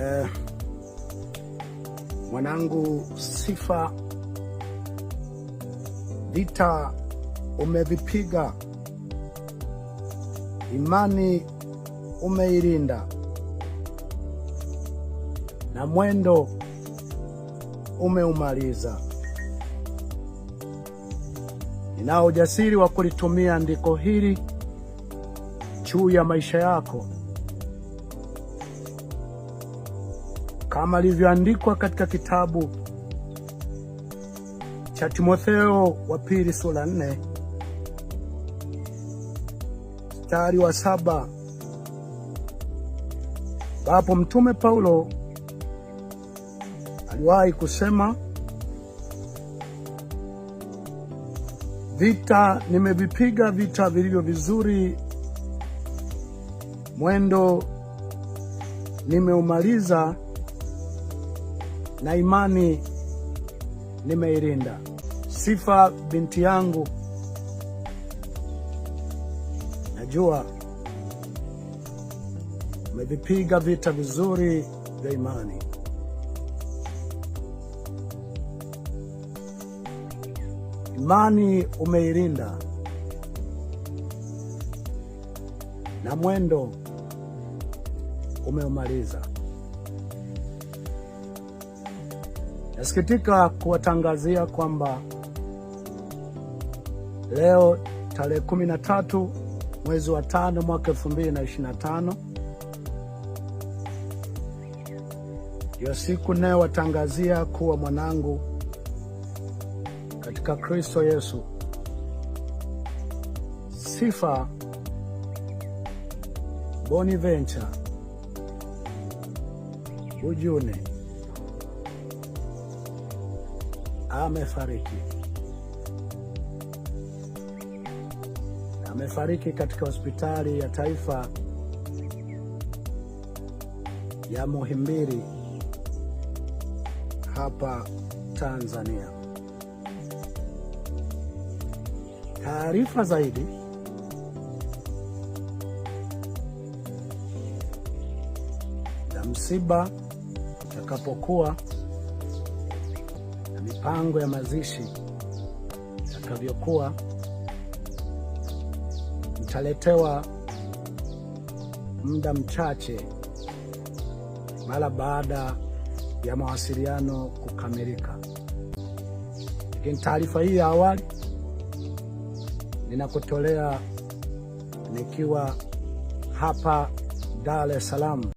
eh, mwanangu Sifa, vita umevipiga, imani umeilinda, na mwendo umeumaliza. Ninao ujasiri wa kulitumia andiko hili juu ya maisha yako kama ilivyoandikwa katika kitabu cha Timotheo wa pili sura 4 mstari wa saba ambapo mtume Paulo aliwahi kusema, vita nimevipiga vita vilivyo vizuri, mwendo nimeumaliza na imani nimeirinda. Sifa binti yangu, najua umevipiga vita vizuri vya imani. Imani umeirinda na mwendo umeumaliza. Nasikitika kuwatangazia kwamba leo tarehe 13 mwezi wa tano mwaka 2025 ndiyo siku inayowatangazia kuwa mwanangu katika Kristo Yesu. Sifa Bonaventure Bujune amefariki, amefariki katika hospitali ya taifa ya Muhimbili hapa Tanzania. Taarifa zaidi za msiba utakapokuwa mipango ya mazishi itakavyokuwa, mtaletewa muda mchache mara baada ya mawasiliano kukamilika. Lakini taarifa hii ya awali ninakutolea nikiwa hapa Dar es Salaam.